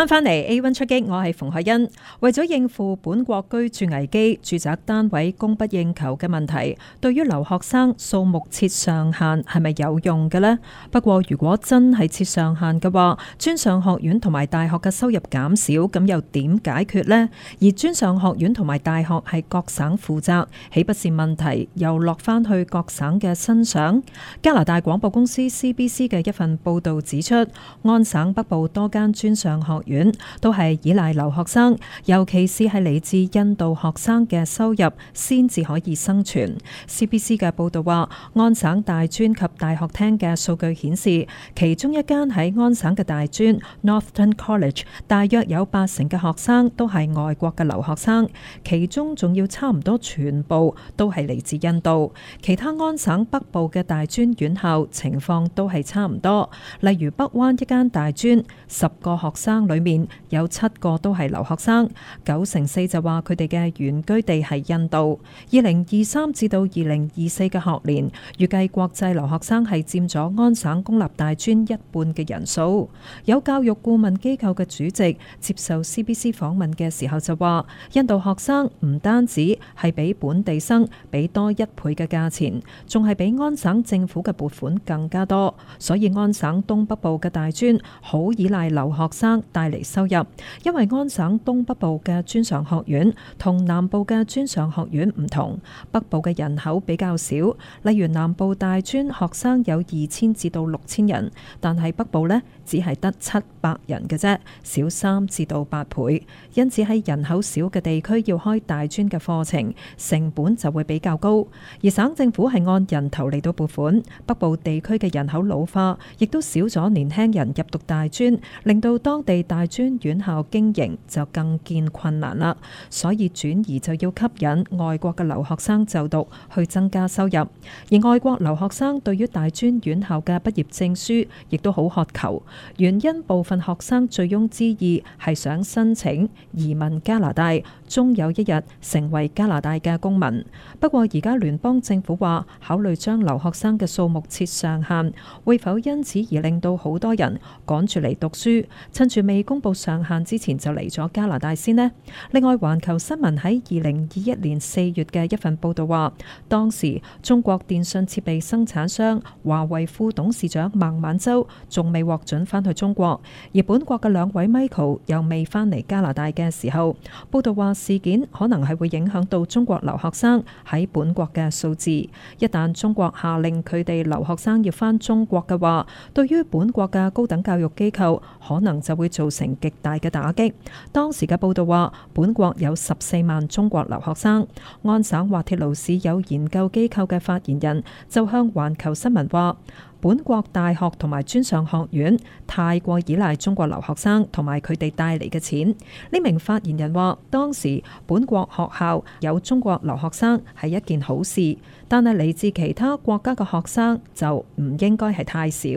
翻返嚟 A 1出擊，我係馮海欣。為咗應付本國居住危機、住宅單位供不應求嘅問題，對於留學生數目設上限係咪有用嘅呢？不過如果真係設上限嘅話，專上學院同埋大學嘅收入減少，咁又點解決呢？而專上學院同埋大學係各省負責，豈不是問題又落翻去各省嘅身上？加拿大廣播公司 CBC 嘅一份報道指出，安省北部多間專上學院都係依賴留學生，尤其是係嚟自印度學生嘅收入先至可以生存。CBC 嘅報導話，安省大專及大學廳嘅數據顯示，其中一間喺安省嘅大專 Northern College，大約有八成嘅學生都係外國嘅留學生，其中仲要差唔多全部都係嚟自印度。其他安省北部嘅大專院校情況都係差唔多，例如北灣一間大專，十個學生裏面有七個都係留學生，九成四就話佢哋嘅原居地係印度。二零二三至到二零二四嘅學年，預計國際留學生係佔咗安省公立大專一半嘅人數，有教育顧問機構嘅主席接受 CBC 訪問嘅時候就話，印度學生唔單止係比本地生俾多一倍嘅價錢，仲係比安省政府嘅撥款更加多。所以安省東北部嘅大專好依賴留學生帶嚟收入，因為安省東北部嘅專上學院同南部嘅專上學院唔同，北部嘅人口比較少。例如南部大專學生有二千至到六千人，但係北部呢只係得七百人嘅啫，少三至到八倍。因此喺人口少嘅地區要開大專嘅課程，成本就會比較高。而省政府係按人頭嚟到撥款，北部地區嘅人口老化，亦都少咗年輕人入讀大專，令到當地。大專院校經營就更見困難啦，所以轉移就要吸引外國嘅留學生就讀，去增加收入。而外國留學生對於大專院校嘅畢業證書亦都好渴求，原因部分學生醉翁之意係想申請移民加拿大。終有一日成為加拿大嘅公民。不過而家聯邦政府話考慮將留學生嘅數目設上限，會否因此而令到好多人趕住嚟讀書，趁住未公布上限之前就嚟咗加拿大先呢？另外環球新聞喺二零二一年四月嘅一份報道話，當時中國電信設備生產商華為副董事長孟晚舟仲未獲准返去中國，而本國嘅兩位 Michael 又未返嚟加拿大嘅時候，報道話。事件可能係會影響到中國留學生喺本國嘅數字。一旦中國下令佢哋留學生要返中國嘅話，對於本國嘅高等教育機構可能就會造成極大嘅打擊。當時嘅報道話，本國有十四萬中國留學生。安省滑鐵盧市有研究機構嘅發言人就向《環球新聞》話。本國大學同埋專上學院太過依賴中國留學生同埋佢哋帶嚟嘅錢。呢名發言人話，當時本國學校有中國留學生係一件好事，但係嚟自其他國家嘅學生就唔應該係太少。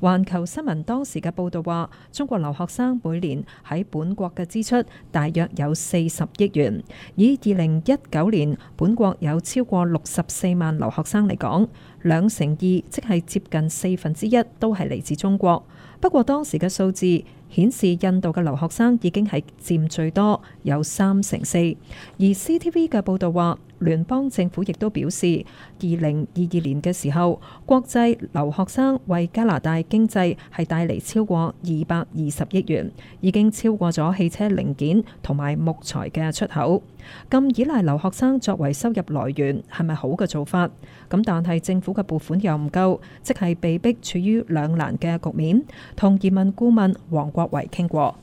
環球新聞當時嘅報導話，中國留學生每年喺本國嘅支出大約有四十億元。以二零一九年本國有超過六十四萬留學生嚟講。兩成二，即係接近四分之一，都係嚟自中國。不過當時嘅數字顯示，印度嘅留學生已經係佔最多，有三成四。而 CTV 嘅報導話。聯邦政府亦都表示，二零二二年嘅時候，國際留學生為加拿大經濟係帶嚟超過二百二十億元，已經超過咗汽車零件同埋木材嘅出口。咁依賴留學生作為收入來源係咪好嘅做法？咁但係政府嘅撥款又唔夠，即係被逼處於兩難嘅局面。同移民顧問黃國維傾過。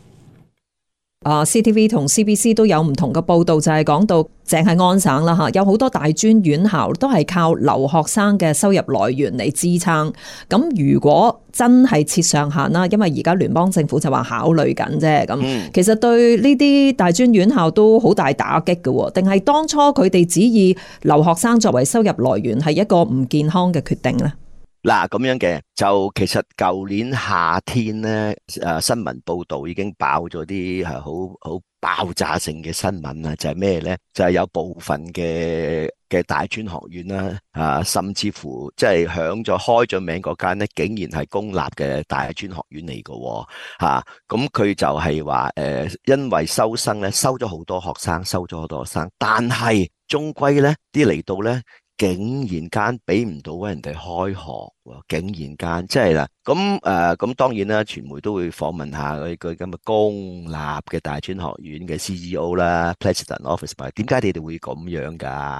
啊！C T V 同 C B C 都有唔同嘅報道，就係講到淨係安省啦吓，有好多大專院校都係靠留學生嘅收入來源嚟支撐。咁如果真係設上限啦，因為而家聯邦政府就話考慮緊啫。咁其實對呢啲大專院校都好大打擊嘅，定係當初佢哋只以留學生作為收入來源係一個唔健康嘅決定呢？嗱咁樣嘅，就其實舊年夏天咧，誒新聞報道已經爆咗啲係好好爆炸性嘅新聞啊！就係咩咧？就係有部分嘅嘅大專學院啦，啊甚至乎即係響咗開咗名嗰間咧，竟然係公立嘅大專學院嚟噶，吓咁佢就係話誒，因為收生咧收咗好多學生，收咗好多學生，但係終歸咧啲嚟到咧。竟然間俾唔到俾人哋開學喎！竟然間即係啦，咁誒咁當然啦，傳媒都會訪問下佢佢咁嘅公立嘅大專學院嘅 CEO 啦，President officer，點解你哋會咁樣㗎？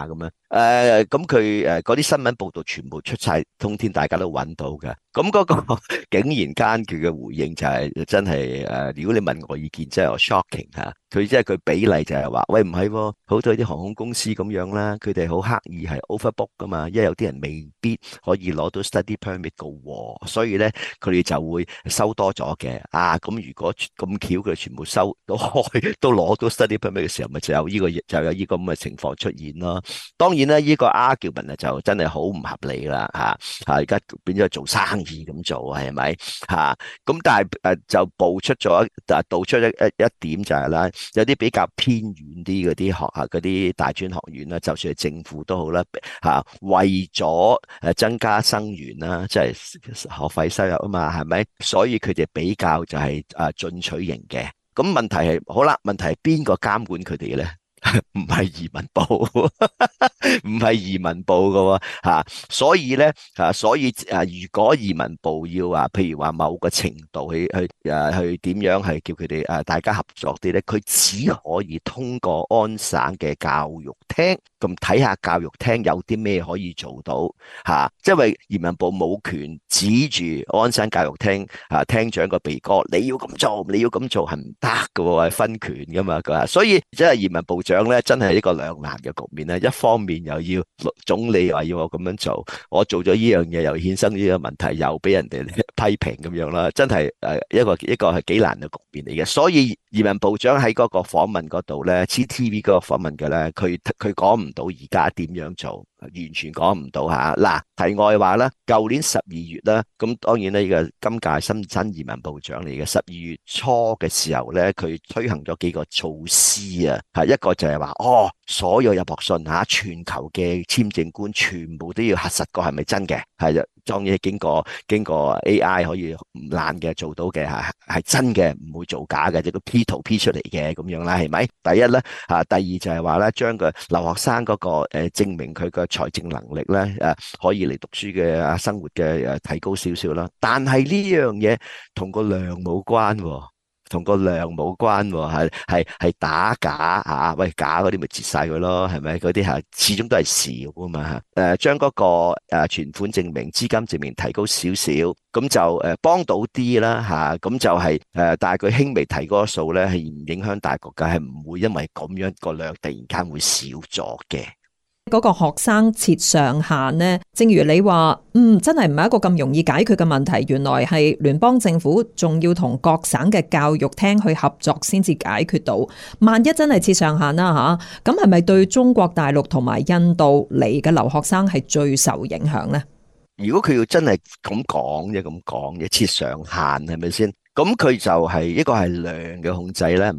咁樣。誒，咁佢誒，嗰啲、呃嗯呃、新聞報道全部出晒通天，大家都揾到嘅。咁、嗯、嗰、那個竟然間佢嘅回應就係真係誒，如果你問我意見，真係 shocking 吓。佢即係佢比例就係話，喂唔係，好、哦、多啲航空公司咁樣啦，佢哋好刻意係 overbook 噶嘛，因為有啲人未必可以攞到 study permit 噶，所以咧佢哋就會收多咗嘅。啊，咁、嗯、如果咁巧佢全部收到開都開都攞到 study permit 嘅時候，咪就有呢、這個就有呢、這個咁嘅情況出現囉。當然。見呢依個 argument 咧就真係好唔合理啦嚇嚇！而家變咗做生意咁做係咪嚇？咁但係誒就道出咗一道出一一一點就係啦，有啲比較偏遠啲嗰啲學校、嗰啲大專學院啦，就算係政府都好啦嚇，為咗誒增加生源啦，即係學費收入啊嘛，係咪？所以佢哋比較就係誒進取型嘅。咁問題係好啦，問題係邊個監管佢哋咧？唔係 移民部，唔係移民部噶吓，所以咧吓、啊，所以啊，如果移民部要話，譬如話某個程度去去誒，去點、啊、樣係叫佢哋誒大家合作啲咧，佢只可以通過安省嘅教育廳。咁睇下教育廳有啲咩可以做到吓，啊，即係為移民部冇權指住安省教育廳嚇廳長個鼻哥，你要咁做，你要咁做係唔得嘅喎，係分權噶嘛。佢、啊、話，所以即係移民部長咧，真係一個兩難嘅局面咧。一方面又要總理話要我咁樣做，我做咗呢樣嘢又衍生呢個問題，又俾人哋 批評咁樣啦，真係誒一個一個係幾難嘅局面嚟嘅。所以移民部長喺嗰個訪問嗰度咧，C T V 嗰個訪問嘅咧，佢佢講。唔。唔到而家點樣做，完全講唔到嚇。嗱、啊，題外話啦，舊年十二月啦，咁當然呢個今屆深圳移民部長嚟嘅十二月初嘅時候咧，佢推行咗幾個措施啊，一個就係話，哦，所有入學信嚇、啊、全球嘅簽證官全部都要核實過係咪真嘅，係裝嘢經過經過 A I 可以唔爛嘅做到嘅，吓係真嘅唔會做假嘅亦都 P 圖 P 出嚟嘅咁樣啦係咪？第一咧吓，第二就係話咧將個留學生嗰個誒證明佢個財政能力咧誒可以嚟讀書嘅啊生活嘅誒提高少少啦。但係呢樣嘢同個量冇關、哦。同個量冇關喎、啊，係係打假嚇、啊，喂假嗰啲咪截晒佢咯，係咪嗰啲嚇？始終都係少啊嘛，誒將嗰個誒存、啊、款證明、資金證明提高少少，咁、啊啊、就誒幫到啲啦嚇，咁就係誒，但係佢輕微提高個數咧，係唔影響大局嘅，係唔會因為咁樣個量突然間會少咗嘅。嗰個學生設上限呢？正如你話，嗯，真係唔係一個咁容易解決嘅問題。原來係聯邦政府仲要同各省嘅教育廳去合作先至解決到。萬一真係設上限啦吓，咁係咪對中國大陸同埋印度嚟嘅留學生係最受影響呢？如果佢要真係咁講嘅，咁講嘅設上限係咪先？是咁佢就係一個係量嘅控制咧，誒，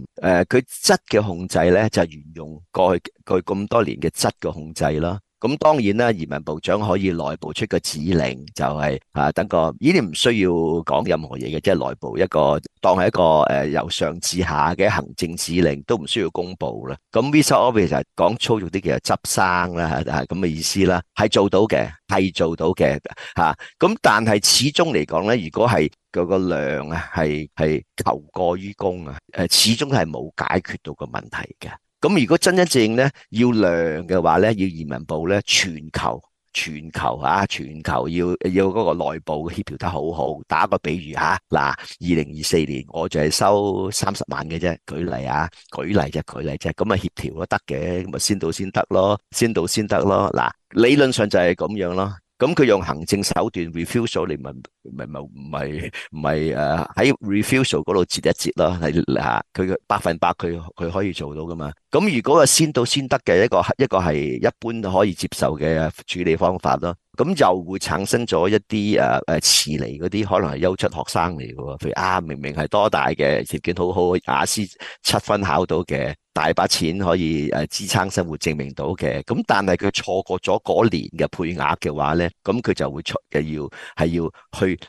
佢質嘅控制咧就係沿用過去佢咁多年嘅質嘅控制啦。咁當然啦，移民部長可以內部出個指令，就係吓，等個呢啲唔需要講任何嘢嘅，即係內部一個當係一個誒由上至下嘅行政指令，都唔需要公布啦。咁 visa office 就係講粗俗啲嘅執生啦，係咁嘅意思啦，係做到嘅，係做到嘅吓。咁但係始終嚟講咧，如果係個量啊，係係求過於供，啊，誒，始終係冇解決到個問題嘅。咁如果真真正咧要量嘅話咧，要移民部咧全球全球嚇、啊、全球要要嗰個內部協調得好好。打個比喻嚇，嗱、啊，二零二四年我就係收三十萬嘅啫，舉例啊，舉例啫，舉例啫，咁啊協調都得嘅，咁咪先到先得咯，先到先得咯。嗱、啊，理論上就係咁樣咯。咁佢用行政手段 refusal 你問，咪唔咪唔咪唔咪誒喺、啊、refusal 嗰度截一截咯，係啊，佢百分百佢佢可以做到噶嘛。咁如果係先到先得嘅一個一個係一般可以接受嘅處理方法咯。咁又會產生咗一啲誒誒遲嚟嗰啲，可能係優質學生嚟嘅喎。譬如啊，明明係多大嘅條件好好，雅思七分考到嘅，大把錢可以誒、啊、支撐生活，證明到嘅。咁但係佢錯過咗嗰年嘅配額嘅話咧，咁佢就會出嘅要係要去。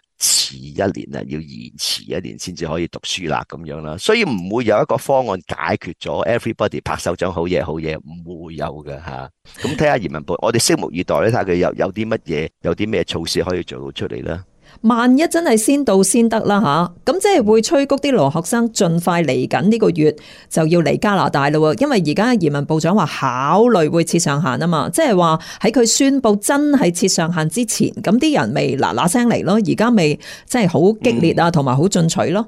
二一年啊，要延遲一年先至可以讀書啦，咁樣啦，所以唔會有一個方案解決咗。Everybody 拍手掌，好嘢，好嘢，唔會有嘅吓，咁睇下移民部，我哋拭目以待咧，睇下佢有有啲乜嘢，有啲咩措施可以做到出嚟啦。萬一真係先到先得啦吓，咁即係會催谷啲留學生盡快嚟緊呢個月就要嚟加拿大咯，因為而家移民部長話考慮會設上限啊嘛，即係話喺佢宣布真係設上限之前，咁啲人咪嗱嗱聲嚟咯，而家咪真係好激烈啊，同埋好進取咯。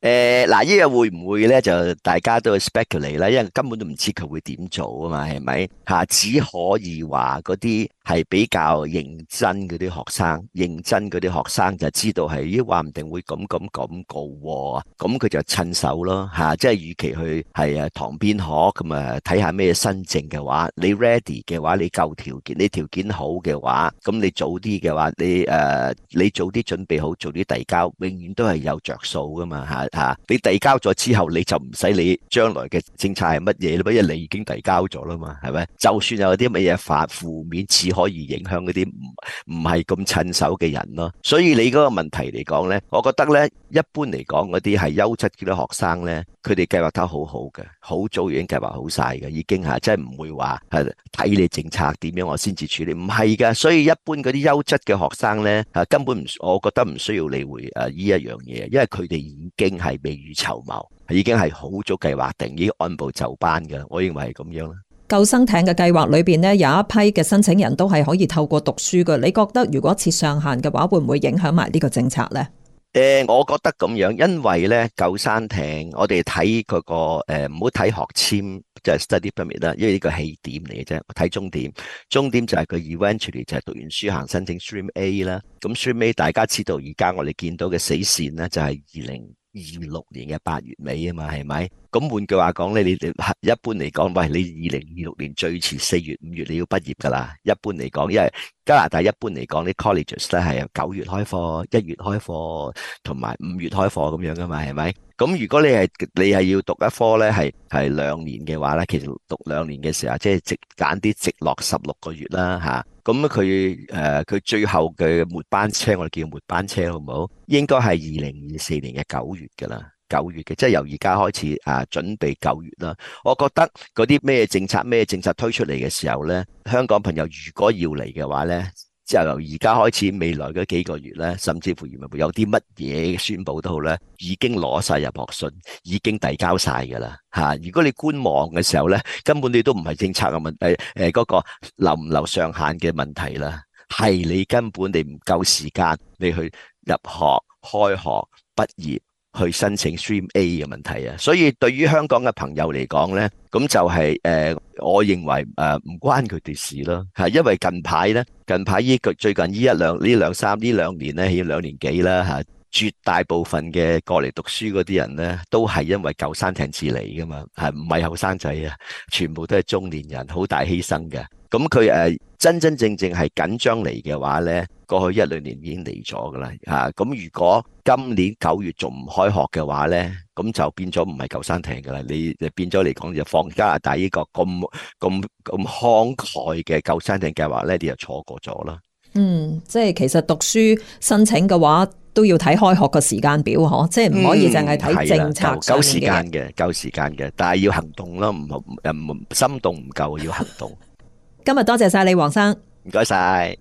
誒、呃，嗱、這、呢個會唔會呢？就大家都 speculate 啦，因為根本都唔知佢會點做是是啊嘛，係咪吓？只可以話嗰啲。係比較認真嗰啲學生，認真嗰啲學生就知道係，咦，話唔定會咁咁咁告、啊，咁佢就趁手咯，吓、啊，即係預其與去係啊，堂邊學咁啊，睇下咩新政嘅話，你 ready 嘅話，你夠條件，你條件好嘅話，咁你早啲嘅話，你誒、啊，你早啲準備好早啲遞交，永遠都係有着數噶嘛，吓、啊、吓、啊，你遞交咗之後，你就唔使理將來嘅政策係乜嘢啦嘛，因為你已經遞交咗啦嘛，係咪？就算有啲乜嘢法負面字。可以影響嗰啲唔唔係咁趁手嘅人咯，所以你嗰個問題嚟講呢，我覺得呢，一般嚟講嗰啲係優質嘅學生呢，佢哋計劃得好好嘅，好早已經計劃好晒嘅，已經係即係唔會話係睇你政策點樣我先至處理，唔係噶，所以一般嗰啲優質嘅學生呢，嚇、啊、根本唔，我覺得唔需要理會誒呢一樣嘢，因為佢哋已經係未雨綢繆，已經係好早計劃定，已經按部就班噶，我認為係咁樣啦。救生艇嘅計劃裏邊咧，有一批嘅申請人都係可以透過讀書㗎。你覺得如果設上限嘅話，會唔會影響埋呢個政策咧？誒、呃，我覺得咁樣，因為咧救生艇，我哋睇嗰個誒，唔好睇學簽就係、是、study permit 啦，因為呢個起點嚟嘅啫，睇終點，終點就係佢 eventually 就係讀完書行申請 stream A 啦。咁 stream A 大家知道而家我哋見到嘅死線咧就係二零二六年嘅八月尾啊嘛，係咪？咁換句話講咧，你哋一般嚟講，喂，你二零二六年最遲四月、五月你要畢業噶啦。一般嚟講，因為加拿大一般嚟講啲 colleges 咧係九月開課、一月開課同埋五月開課咁樣噶嘛，係咪？咁如果你係你係要讀一科咧，係係兩年嘅話咧，其實讀兩年嘅時候，即係揀啲直落十六個月啦，吓。咁佢誒佢最後嘅末班車，我哋叫末班車，好唔好？應該係二零二四年嘅九月㗎啦，九月嘅，即係由而家開始啊，準備九月啦。我覺得嗰啲咩政策，咩政策推出嚟嘅時候咧，香港朋友如果要嚟嘅話咧。之後由而家開始，未來嗰幾個月咧，甚至乎移民會有啲乜嘢宣佈都好咧，已經攞晒入學信，已經遞交晒噶啦吓。如果你觀望嘅時候咧，根本你都唔係政策嘅問誒誒嗰個留唔留上限嘅問題啦，係你根本你唔夠時間，你去入學、開學、畢業。去申請 Stream A 嘅問題啊，所以對於香港嘅朋友嚟講咧、就係，咁就係誒，我認為誒、呃、唔關佢哋事咯嚇，因為近排咧，近排依、呢個最近依一兩呢兩三呢兩年咧，已經兩年幾啦嚇。啊絕大部分嘅過嚟讀書嗰啲人呢，都係因為救生艇自嚟噶嘛，係唔係後生仔啊？全部都係中年人，好大犧牲嘅。咁佢誒真真正正係緊張嚟嘅話呢，過去一兩年已經嚟咗噶啦嚇。咁、啊、如果今年九月仲唔開學嘅話呢，咁就變咗唔係救生艇噶啦。你你變咗嚟講就放加拿大呢個咁咁咁慷慨嘅救生艇計劃呢，你就錯過咗啦。嗯，即係其實讀書申請嘅話。都要睇開學個時間表，嗬、嗯！即係唔可以淨係睇政策上面嘅。夠時間嘅，夠時間嘅，但係要行動咯，唔好誒，心動唔夠，要行動。 今日多謝晒你，黃生。唔該晒。